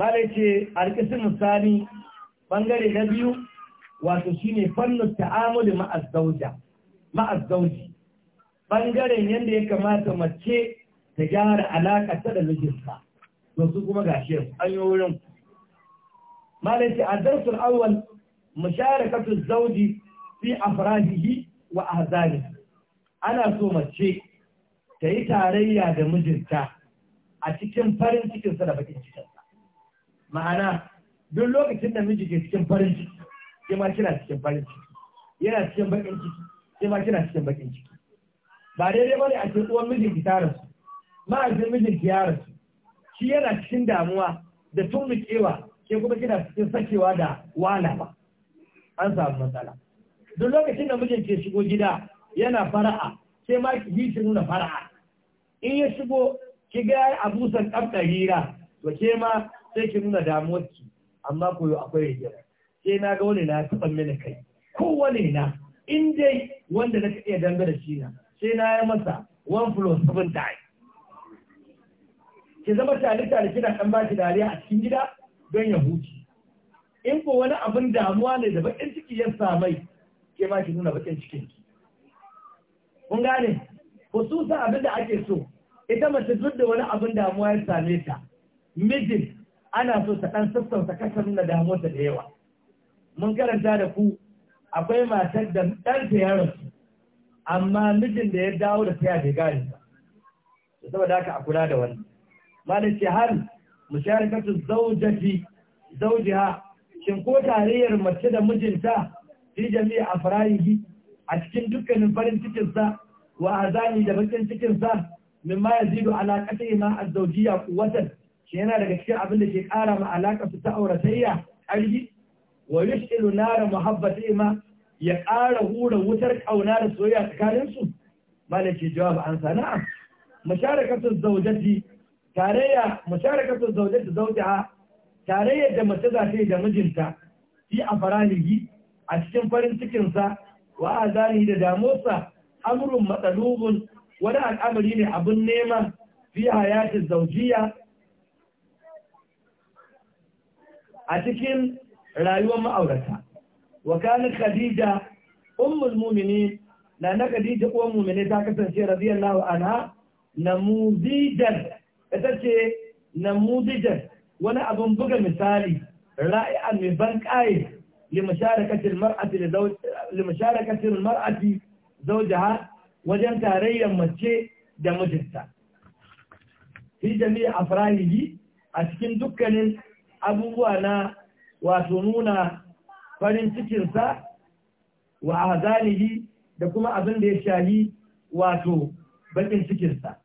malai ce alƙisin sani ɓangare na biyu wato shine fannin ta'amuli ma'azzauja ma'azzauji bangaren yadda ya kamata mace ta gyara alaƙa ta da mijinsa to su kuma shi an yi wurin malai ce a darsul awwal musharakatu zauji fi afrahihi wa ahzani ana so mace ta yi tarayya da mijinta a cikin farin cikinsa da bakin cikin ma'ana duk lokacin da miji ke cikin farin ciki sai ma kina cikin farin ciki yana cikin bakin ciki sai ma kina cikin bakin ciki ba daidai bane a cikin uwan mijin ki tara su ma'azin mijin ki yara su shi yana cikin damuwa da tumbukewa ke kuma kina cikin sakewa da wala ba an samu matsala duk lokacin da mijin ke shigo gida yana fara'a sai ma ki yi shi nuna fara'a in ya shigo ki ga abusan hira to ke ma sai ki nuna damuwar ki amma koyo akwai rigira sai na ga wani na taɓa mini kai kowane na in dai wanda na iya dambe da shi na sai na yi masa one plus seven die ki zama tare tare kina ɗan baki dariya a cikin gida don ya huce in ko wani abin damuwa ne da bakin ciki ya samai ke ma ki nuna bakin cikin ki kun gane hususa abin da ake so ita mace duk da wani abin damuwa ya same ta mijin ana so ta ɗan sassauta kasar nuna damuwarta da yawa mun karanta da ku akwai matar da ɗanta ya rasu amma mijin da ya dawo da taya bai gane ba saboda haka a kula da wani. malam ce mu musharakatu zaujati zaujiha shin ko tarayyar mace da mijinta fi jami'a a farayi a cikin dukkanin farin cikinsa wa azani da bakin cikinsa min ma yazidu ala qatihi ma az-zawjiyya quwwatan yana daga cikin abin da ke ƙara ma alaƙa su ta auratayya ƙarfi wa yushilu nara muhabbati ma ya ƙara hura wutar ƙauna da soyayya tsakanin su malaki jawab an sana'a musharakatu zaujati tarayya musharakatu zaujati zaujaha tarayya da mace za ta yi da mijinta fi afranihi a cikin farin cikin sa wa azani da damusa amrun matsalubun wani al'amari ne abin neman fi hayatin zaujiya a cikin rayuwar ma'aurata wa kana khadija ummul mumini na na khadija uwar mu'mini ta kasance radiyallahu anha namuzijan ita ce namuzijan wani abin buga misali ra'i'an mai ban ƙaye limasharakatin mar'ati zaujaha wajen tarayyar mace da mijinta. Fi jami'a a farahihi a cikin dukkanin abubuwa na wato nuna farin cikinsa wa azalihi da kuma abin da ya shahi wato bakin cikinsa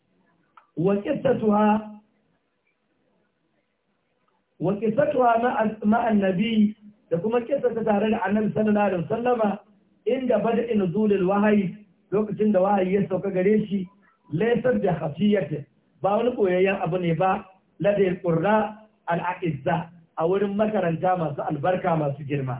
wa qissatuha wa ma'an nabi da kuma kissa tare da annabi sallallahu alaihi wasallama inda bada in zulul wahayi lokacin da wahayi ya sauka gare shi laysar da khafiyati ba wani koyayyen abu ne ba ladai qurra al'a'izza a wurin makaranta masu albarka masu girma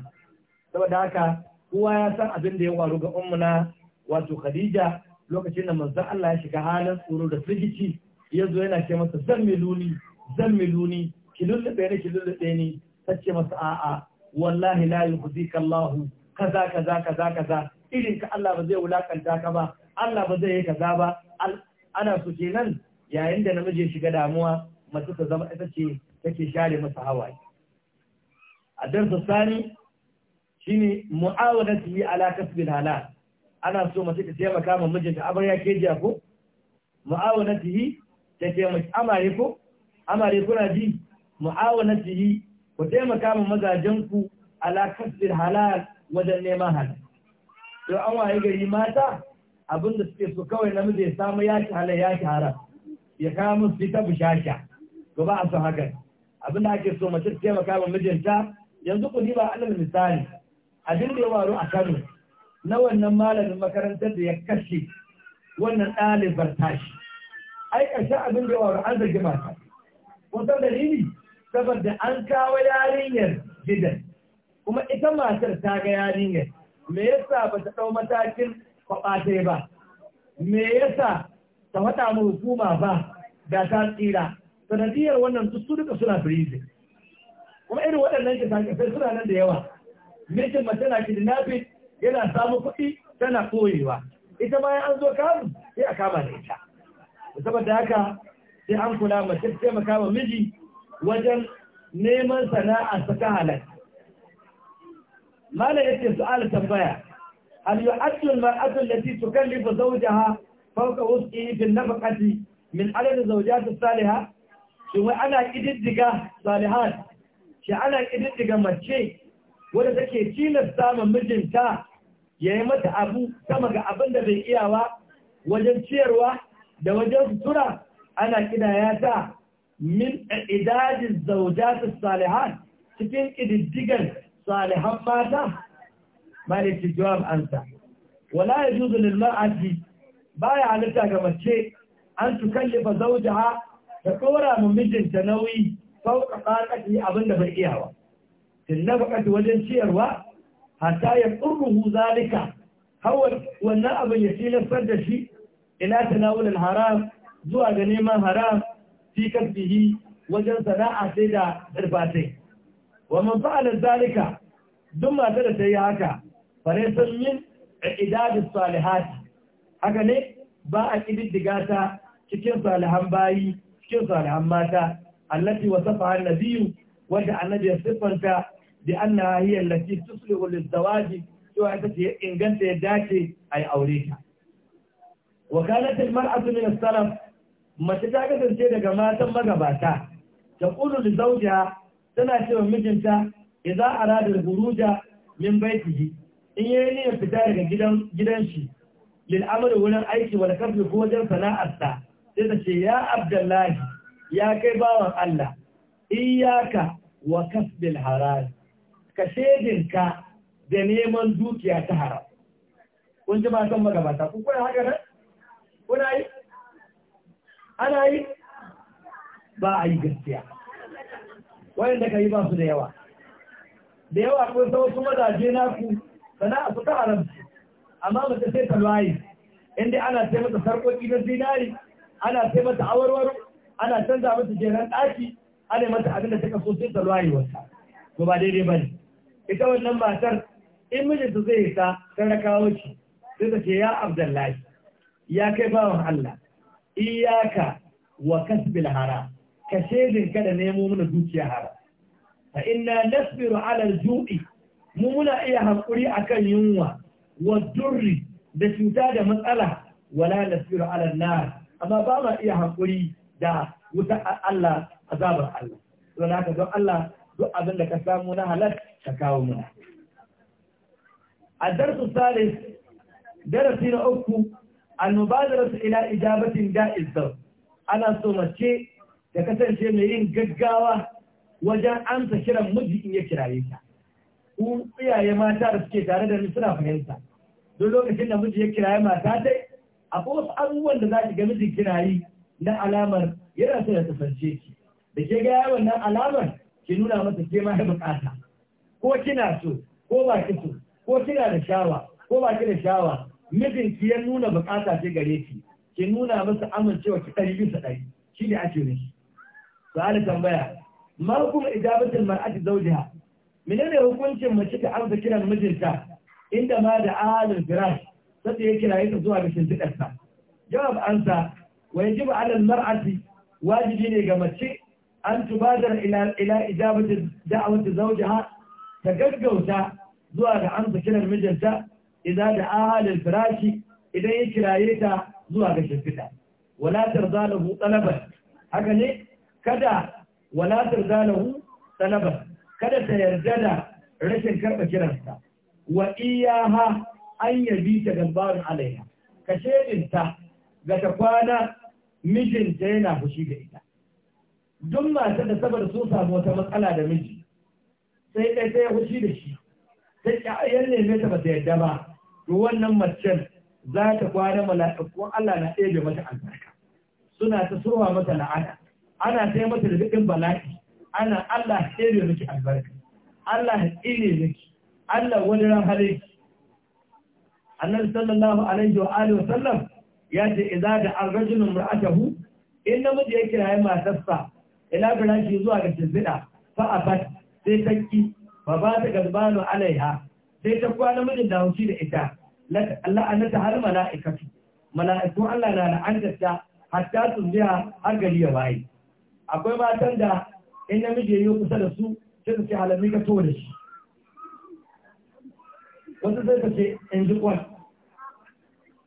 saboda haka kowa ya san abin da ya waru ga ummuna wato khadija lokacin da manzo Allah ya shiga halin tsoro da firgici ya zo yana ce masa zan miluni zan miluni ki lullube ni ki lullube ni tace masa a'a wallahi la yukhzika Allah kaza kaza kaza kaza irin ka Allah ba zai wulakanta ka ba Allah ba zai yi kaza ba ana so kenan yayin da namiji ya shiga damuwa mace ta zama ita ce take share masa hawaye a darsa sani shine mu'awadatihi ala kasbil halal ana so mace ta taimaka ma mijinta amarya ke jiya ko mu'awanatihi ta taimaka amare ko amare kuna ji yi ku taimaka ma mazajen ku ala kasbil halal wajen neman halal to an waye gari mata abinda suke so kawai namiji ya samu ci halal ci haram ya kama musu ta bushasha ko ba a san hakan abin da ake so mace maka ba mijinta yanzu ku ba alal misali abin da ya a Kano na wannan malamin makarantar da ya kashe wannan ɗalibar tashi ai ƙarshen abin da ya waru an zargi mata ko san dalili saboda an kawo yarinyar gidan kuma ita matar ta ga yarinyar me yasa ba ta ɗau matakin kwaɓa ba me yasa ta faɗa mu hukuma ba da ta tsira sanadiyar wannan duk su suna firizi kuma irin waɗannan kisa sai suna nan da yawa mijin mace na kidnapping yana samun kuɗi tana koyewa ita ma an zo kamu sai a kama da ita saboda haka sai an kula mace sai mu kama miji wajen neman sana'a ta halal mala yake su'al tambaya hal yu'addu al-mar'atu allati tukallifu zawjaha fawqa wus'ihi bin nafaqati min adad zawjati salihah domin ana ƙididdiga salihan shi ana ƙididdiga mace wadda take tilasta samun mijinta ya yi mata abu sama ga abin da bai iyawa wajen ciyarwa da wajen sutura ana ƙidaya ta min idajin zaujatun salihan cikin ƙididdigan salihan mata maliki jawab ansa wala ya juzu lil ba baya halitta ga mace an su tukallifa zaujaha Da ɗora mu mijinta nauyi sauka ƙaƙati abin da bai iyawa tun na faƙati wajen ciyarwa hatta ya ƙurruhu zalika hawa wannan abin ya tilastar da shi ila tanawulin haram zuwa ga neman haram fi kasbihi wajen sana'a sai da irbatai wa man fa'ala zalika duk mata da ta yi haka faraisan min idadus salihati haka ne ba a kididdiga ta cikin salihan bayi cikin salihan mata allati wasafa annabiyu wanda annabi ya siffanta bi annaha hiya allati tuslihu lizawaj cewa ita ce inganta ya dace a yi aure ta wa kanat almar'atu min as-salaf mace ta kasance daga matan magabata ta qulu li zawjiha tana cewa mijinta idza arada al-khuruja min baytihi in yayi niyyar fita daga gidan gidan shi lil amri wurin aiki wal kasbi ko wajen sana'arsa sai ta ce ya abdullahi ya kai bawan Allah iyaka wa kasbil haram ka shedinka da neman dukiya ta haram kun ji masan magabata ku kuna haka nan kuna yi ana yi ba a yi gaskiya da ka yi ba su da yawa da yawa kun san wasu mazaje na ku sana'a su ta haramci amma mace sai ta layi inda ana sai mata sarƙoƙi na zinari ana sai mata awarwaro ana canza mata jeran ɗaki ana mata abin da take so sai ta wata to ba daidai ba ne ita wannan matar in mijinta zai yi ta raka ce sai ta ce ya abdullahi ya kai bawan Allah iyaka wa kasbil hara ka shedin kada nemo mana dukiya hara fa inna nasbiru ala al mu muna iya hankuri akan yunwa wa durri da cuta da matsala wala nasbiru ala nar amma ba ma iya hankuri da wuta Allah azabar Allah. Don haka don Allah duk abin da ka samu na halar ka kawo muna. Addarsu Salis, darasi na uku, annubadarar su ila ijabatin da'iz zau, ana so mace da kasance mai yin gaggawa wajen amsa kiran miji in ya kiraye ta. Ku iyaye mata da suke tare da ni suna fahimta. Duk lokacin da miji ya kiraye mata dai akwai wasu abubuwan da za ki ga mijin kina yi na alamar yana so ya kasance ki da ke ga yawon nan alamar ki nuna masa ke ma ya bukata ko kina so ko ba ki so ko kina da shawa ko ba ki da shawa mijin ya nuna bukata ce gare ki ki nuna masa amincewa ki ɗari bisa ɗari shi ne ake nufi ana tambaya ma hukumar ijabatul mar'ati ha? menene hukuncin mace ta amsa kiran mijinta inda ma da alul firash sai ya kiraye ka zuwa ga shimfiɗarsa jawab ansa wa yajibu ala mar'ati wajibi ne ga mace an tubadar ila ila ijabati da'awati ta gaggauta zuwa ga amsa kiran mijinta idan da ahalil firashi idan ya kiraye ta zuwa ga shimfiɗa wala tarda lahu haka ne kada wala tarda lahu kada ta yarda da rashin karɓa kiransa wa iyaha an yabi ta gambarin alaiya ka shedinta ga ta kwana mijinta yana fushi da ita duk mata da saboda sun samu wata matsala da miji sai ɗaya ta yi fushi da shi ta ƙyayar ne ta ba yadda ba to wannan macen za ta kwana mala'iku Allah na ɗebe mata albarka suna ta surwa mata la'ana ana ta yi mata rubutun bala'i ana Allah ɗebe miki albarka Allah ya miki Allah wani ran hare ki annabi sallallahu alaihi wa alihi wasallam ya ce idza da ar-rajulu imra'atahu in namiji ya kirayi matarsa ila shi zuwa ga tizbida fa sai ta ki fa ba ta gazbanu alaiha sai ta kwana mijin da haushi da ita Allah ta har mala'ikatu mala'iku Allah na la'antarta hatta sun biya har gari ya waye akwai matan da in namiji ya yi kusa da su sai su ce halami ka to da shi wasu zai ka ce in ji kwan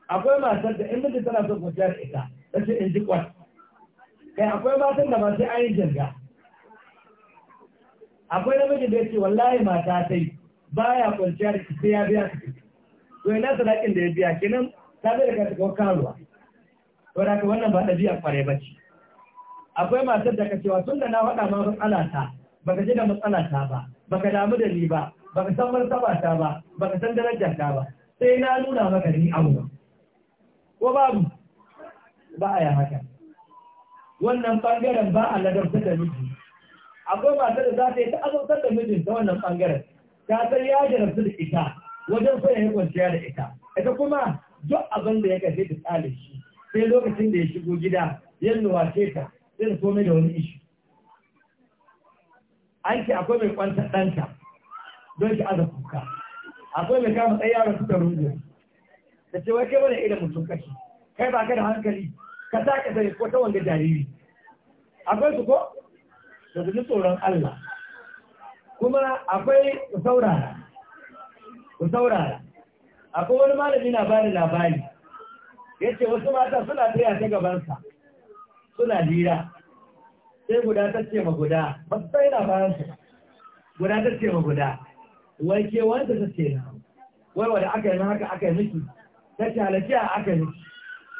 akwai matar da in miji tana son kwanciya da ita ta ce in ji kwan kai akwai matan da ba sai an yi jirga akwai namiji da ya ce wallahi mata sai baya kwanciya da sai ya biya su to ina sadakin da ya biya kenan ta bai da cikin karuwa to da wannan ba ɗabi'a kwarai ba ce akwai matar da ka cewa tun da na faɗa ma matsala ta baka ji da matsala ta ba baka damu da ni ba baka san martaba ta ba baka san darajar ta ba sai na nuna maka ni abu ba ko babu ba a haka wannan bangaren ba a ladabtar da miji akwai matar da za ta yi ta azautar da mijin ta wannan bangaren ta san ya jarabtu da ita wajen so ya kwanciya da ita ita kuma duk abin da ya kashe ta tsale shi sai lokacin da ya shigo gida ya ce ta sai da komai da wani ishi an ce akwai mai kwanta ɗanta don ki aza kuka akwai mai kama tsaye yaron suka rungu da cewa kai wani irin mutum kashi kai ba ka da hankali ka sa ka sai ko ta jariri akwai su ko da su tsoron Allah kuma akwai ku saurara ku saurara akwai wani malami na bani labari ya ce wasu mata suna tsaya ta gabansa suna lira sai guda ta ce ma guda ba su tsaye na bayansa guda ta ce ma guda wai ke wanda ta ce na wai wanda aka yi na haka aka yi miki ta ce halaki a aka yi miki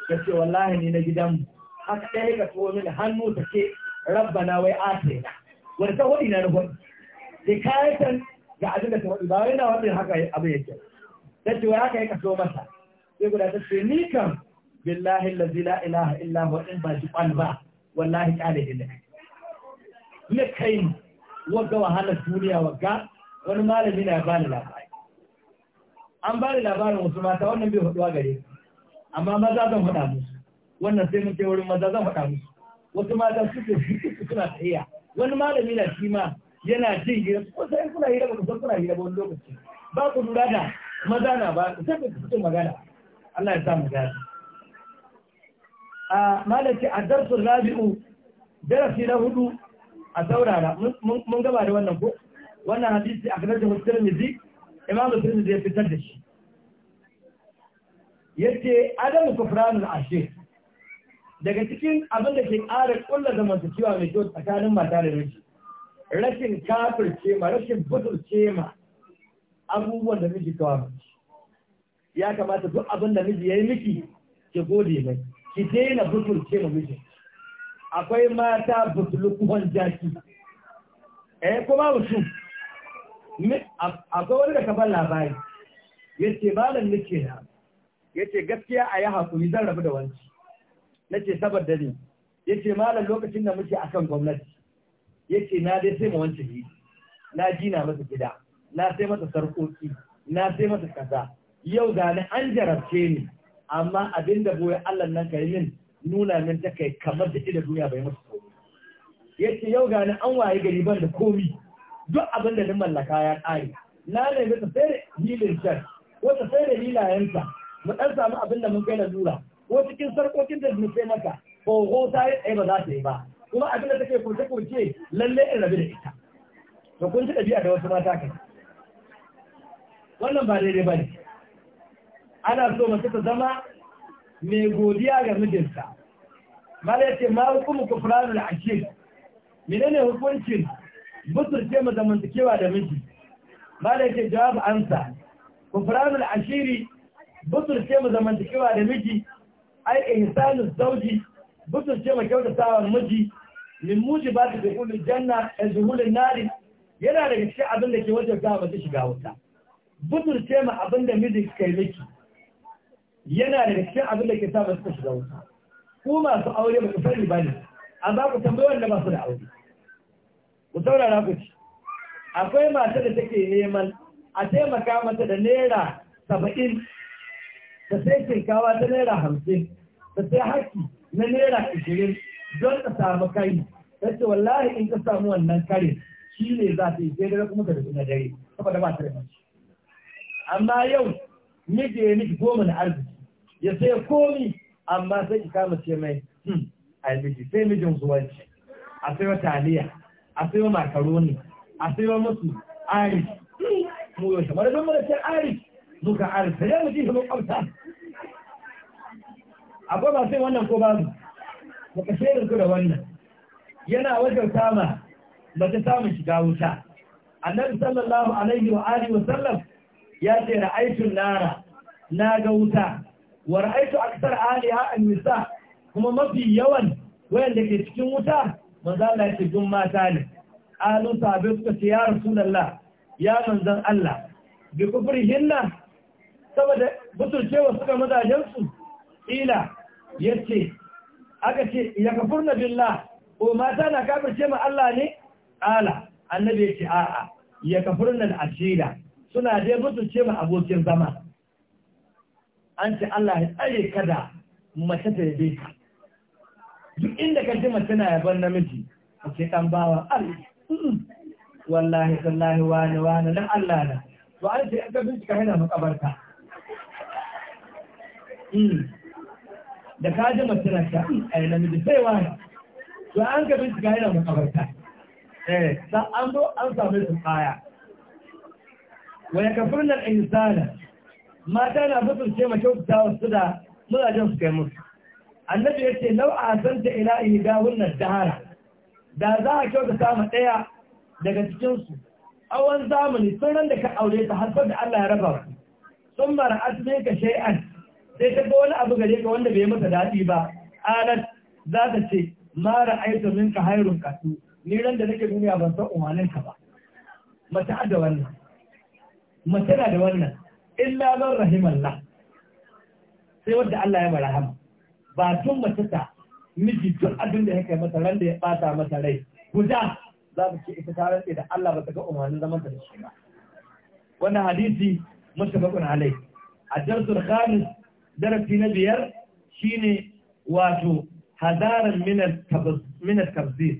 ta ce wallahi ni na gidanmu haka ɗaya ka tuwo mini hannu ta ce rabba na wai ate na wanda ta hudu na rufon sai kayatan ga abin da ta hudu ba wai na wanda haka abin yake ta ce wai haka ya kaso masa sai guda ta ce ni kam billahi lazi la ilaha illa wa in ba shi kwan ba wallahi kyale ne ne kai wagga wahalar duniya wagga wani malami na bani labari an bani labarin wasu mata wannan bai a gare amma maza zan faɗa musu wannan sai mun kai wurin maza zan faɗa musu wasu mata suke su suna tsayiya wani malami na shi ma yana jin hira ko sai kuna hira ba ku kuna hira ba wani lokaci ba ku lura da maza na ba ku sai ku magana Allah ya sa mu gani a malaki a darsun rabi'u darasi na hudu a saurara mun gaba da wannan ko wannan hadisi a kanar da musulmizi imamu tirmidhi ya fitar da shi yace adam kufranul ashe. daga cikin abin da ke ƙara ƙulla zamantakewa mai kyau tsakanin mata da miji rashin kafirce ma rashin budurce ma abubuwan da miji kawo ya kamata duk abin da miji ya yi miki ki gode mai ki daina butulce ma miji akwai mata butulukuwan jaki eh kuma mutum akwai wani da kafan labari ya ce malam nake na ya ce gaskiya a yi hakuri zan rabu da wanci na ce saboda ne ya ce malam lokacin da muke akan gwamnati ya ce na dai sai ma wanci ne na jina masa gida na sai masa sarkoki na sai masa kaza yau ga ni an jarabce ni amma abin da boye Allah nan kai min nuna min ta kai kamar da ida duniya bai komi ya ce yau ga ni an waye gari ban da komi duk abin da mallaka ya ƙare na nemi ta sai hilin shan wata sai da hilayenta mu ɗan samu abin da mun kai lura ko cikin sarkokin da mun maka ko hota ya tsaye ba za ta yi ba kuma abin da take kurce kurce lalle in rabu da ita to kun ci ɗabi'a da wasu mata kai wannan ba daidai ba ne ana so mace ta zama mai godiya ga mijinta mala ya ce ma hukumu kufranul akil menene hukuncin mutunce mu zamantakewa da miji da yake jawab ansa kufranul ashiri mutunce mu zamantakewa da miji ai ihsanu zauji mutunce mu kyautatawa miji min da dukhulul janna azhulun nari yana da shi abin da ke wajen ga mace shiga wuta budurce ma abin da miji kai miki yana da shi abin da ke sa mace shiga wuta ku masu aure ba ku sani ba ne amma ku tambayi wanda ba su da aure ku saurara ku ci akwai mata da take neman a taimaka mata da naira saba'in ta sai shinkawa ta naira hamsin ta sai haki na naira ashirin don ta samu kari ta ce wallahi in ka samu wannan kare shi ne za ta yi sai kuma ka tafi na dare saboda ba ta da mace amma yau miji ya miki goma na arziki ya sai komi amma sai ki kama ce mai a hmm, a miji sai mijin zuwanci a sai wata a sayo makaroni a sayo musu arish mu yaushe mara zama da sai arish muka arish da mu ji mun kwamta akwai ba sai wannan ko ba mu ka shirin ku da wannan yana wajen kama ba ta samun shiga wuta annabi sallallahu alaihi wa alihi wa sallam ya ce ra'aytu nara na ga wuta wa ra'aytu akthar aliha an nisa kuma mafi yawan wayanda ke cikin wuta manzo Allah ya ce duk mata ne alu sahabi suka ce ya rasulullah ya manzon Allah bi hinna saboda butulcewa suka mazajen su ila yace aka ce ya kafurna billah ko mata na kafirce ma Allah ne ala annabi ya ce a'a ya kafurna al-ashira suna dai butulce ma abokin zama an ce Allah ya tsare kada mace ta yabe ka duk inda ka jima tana yaban namiji a ce ɗan bawa wallahi sallahi wani wani na Allah na to an ce an ka bincika hina makabarta mm. da ka ji matsalar ta mm, a yi namiji sai wani to an ka bincika hina makabarta eh sa an zo an same su kaya wa ya kafirnar insana mata na mutunce ma ta wasu da mulajen su kai musu annabi ya ce lau a santa ila ihda wannan dahara da za a kyauta samu ɗaya daga cikinsu awon zamani sun ran da ka aure ta har da Allah ya raba ku sun mara asibin ka shay'an sai ta ga wani abu gare ka wanda bai masa daɗi ba Anas, za ta ce mara aiki min ka hairun kasu ni ran da nake duniya ban san umarnin ka ba mace da na da wannan illa man rahimallah sai wanda Allah ya barahama ba tun mace ta miji duk abin da ya kai mata ran da ya bata mata rai guda za mu ce ita ta da Allah ba ta ga umarnin zaman ta da shi ba wannan hadisi mutafaqun alai a darsul khamis darasi na biyar shine wato hadaran min min al tabzir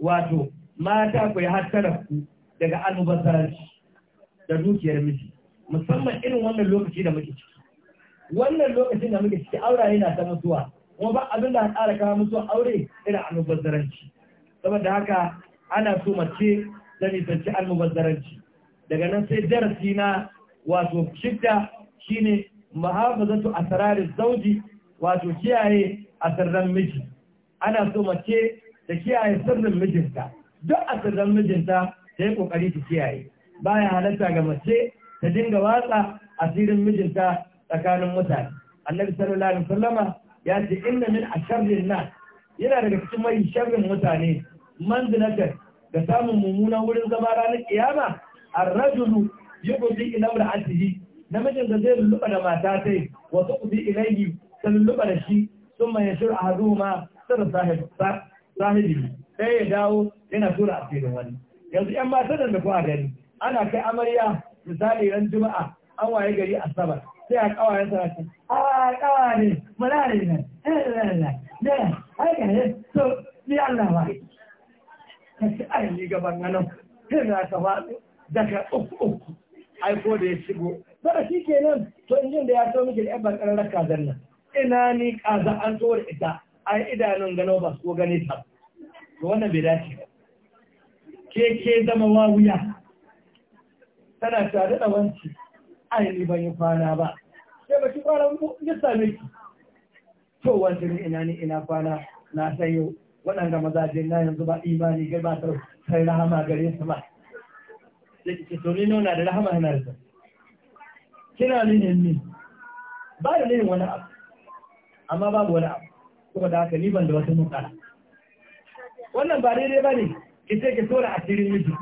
wato mata ku yi hattara ku daga almubazzaranci da dukiyar miji musamman irin wannan lokaci da muke ciki wannan lokacin da muke ciki aure yana ta mutuwa kuma ba abin da ƙara kawo mutuwa aure ina almubazzaranci saboda haka ana so mace da nisanci almubazzaranci daga nan sai darasi na wato shidda shine a sararin zauji wato kiyaye asirran miji ana so mace da kiyaye sirrin mijinta duk asirran mijinta ta yi kokari ta kiyaye baya halatta ga mace ta dinga watsa asirin mijinta tsakanin mutane annabi sallallahu alaihi wasallama ya ce inna min asharrin nas yana daga cikin mai sharrin mutane manzilatan da samun mummuna wurin zama ranar kiyama ar-rajulu yubdi ila imra'atihi namijin da zai lulluba da mata sai wa tuqdi ilayhi ta lulluɓa da shi thumma yashur ahaduma sirra sahib sahibi sai ya dawo yana tura asirin wani yanzu yan matan da a gani ana kai amarya misali ran juma'a an waye gari asabar sai a kawayen sarki a kawa ne mala ne ne ne haka ne to ni Allah ba Kashi ci ai ni gaban nan sai na ka ba daga uku uku ai ko da ya shigo bara shi kenan to injin da ya so miki da yan barkarar raka zanna ina ni kaza an so da ita ai idanun gano ba su gane ta to wannan bai dace ba ke ke zama wawuya tana tare da wanci ai ni ban yi kwana ba sai ba ki kwana ya same ki to wanda ina ni ina kwana na san waɗanda mazaje na yanzu ba imani gai ba ta sai rahama gare su ba yake ce to ni nuna da rahama yana da kina ni ne ni ba da ni wani abu amma babu wani abu kuma da haka ni ban da wata mukara wannan ba daidai ba ne ki ce ki tura cikin miji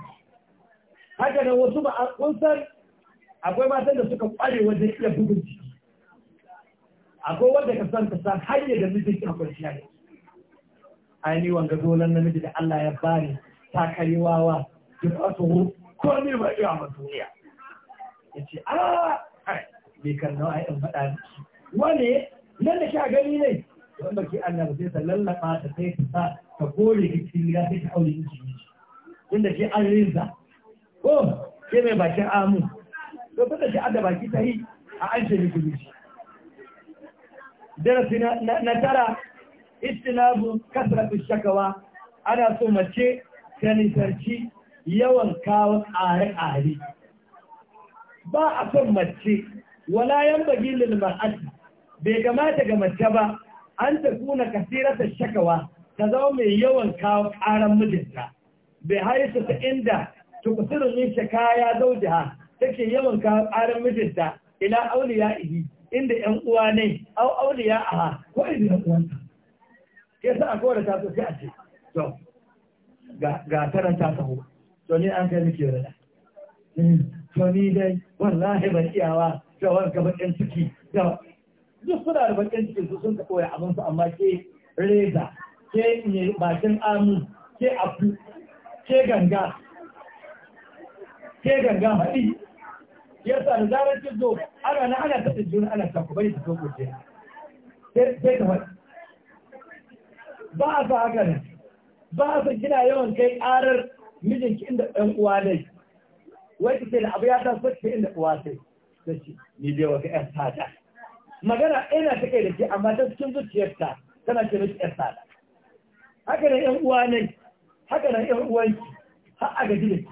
haka da wasu ba a san akwai matan da suka kware wajen iya bugun ciki akwai wanda ka san ka san hanyar da mijin ki kwanciya ne ai wanga dolan namiji da Allah ya bani ta karewawa duk wasu ko ne ba iya ma duniya yace a ah, bai kan nawa ai in faɗa miki wane nan da a gani ne wanda ki Allah ba sai ta lallaba ta sai ta sa ta kore ki kiriya sai ta aure miki wanda ki an rinza ko ke mai bakin amu don fata shi yi a an shi likuluci darasi na tara istinabu kasratu shakawa ana so mace ta nisanci yawan kawo ƙare-ƙare ba a son mace wala yan bagi lil bai kamata ga mace ba an ta kuna kasirata shakawa ta zama mai yawan kawo ƙaran mijinta bai haisa ta inda tukusirin yin shakaya zaujiha take yawan kawo mijinta ila auliya ihi inda ƴan uwa ne au auliya ha? ko inda na uwanta ke sa a kowace ta sosai a ce to ga ga taran ta sahu to ni an kai miki rada hmm, to ni dai wallahi ban iyawa da wanka bakin ciki da duk suna da bakin cikin su sun ka koya abin su amma ke reza ke ne bakin amu ke abu ke ganga ke ganga haɗi sa da zarar ta zo ana na ana taɗin juna ana ta ku bari ta zo gobe sai ka faɗi ba a sa haka ne. ba a san kina yawan kai ƙarar mijinki inda ɗan uwa dai wai ki ce da abu ya ta so ki inda uwa sai ta ce ni bai wata ƴar sata magana ina ta kai da ke amma ta cikin zuciyarta tana ce miki ƴar sata haka nan ƴan uwa ne haka nan ƴan uwanki har a gaji da ki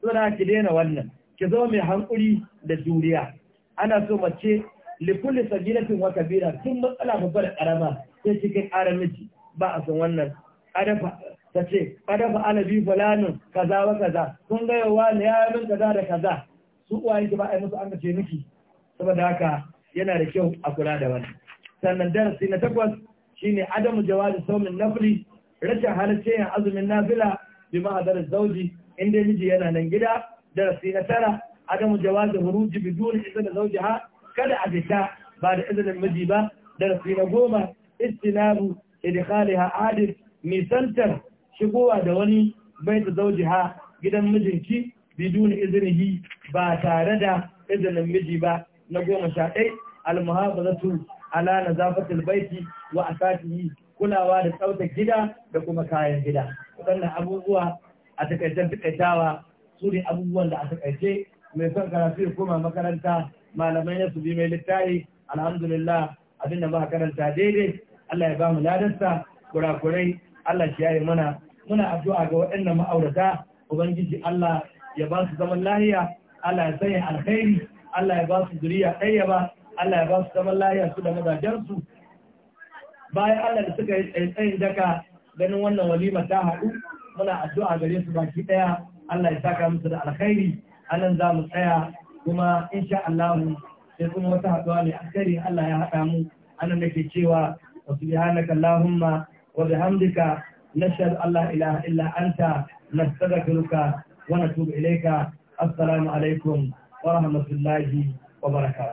suna ki daina wannan ki zama mai hankuri da juriya ana so mace likulli sabilatin wa kabira tun matsala babba da karama sai cikin ƙara miji ba a san wannan adafa ta ce ƙadafa alabi fulanin kaza wa kaza kun ga yawa ne ya kaza da kaza su uwayen ba a yi musu an ce miki saboda haka yana da kyau a kula da wannan sannan darasi na takwas shine adamu jawazi saumin nafli rashin halarci azumin nafila bi ma'adar zauji inda miji yana nan gida darasi na tara adamu jawazi huruji bidun izinin zawjiha kada a fita ba da izinin miji ba darasi na goma istinabu idkhaliha adil misantar shigowa da wani baita zawjiha gidan mijinki bidun izinihi ba tare da izinin miji ba na goma sha ɗai Alana ala nazafatil baiti wa asatihi kulawa da tsautar gida da kuma kayan gida waɗannan abubuwa a takaitar takaitawa su ne abubuwan da a takaice mai son karatu ya koma makaranta malamai na su bi mai littafi alhamdulillah abin da ba karanta daidai Allah ya ba mu ladarsa kurakurai Allah shi yi mana muna addu'a ga waɗannan ma'aurata ubangiji Allah ya ba su zaman lahiya Allah ya sanya alkhairi Allah ya ba su zuriya ɗayyaba Allah ya ba su zaman lahiya su da mazajensu bayan Allah da suka yi tsayin daka ganin wannan walima ta haɗu muna addu'a gare su baki ɗaya Allah ya saka musu da alkhairi anan za mu tsaya kuma insha Allah sai kuma wata haɗuwa ne alkhairi Allah ya haɗa mu anan nake cewa wa subhanaka allahumma wa bihamdika nashhadu an la ilaha illa anta nastaghfiruka wa natubu ilayka assalamu alaikum wa rahmatullahi wa barakatuh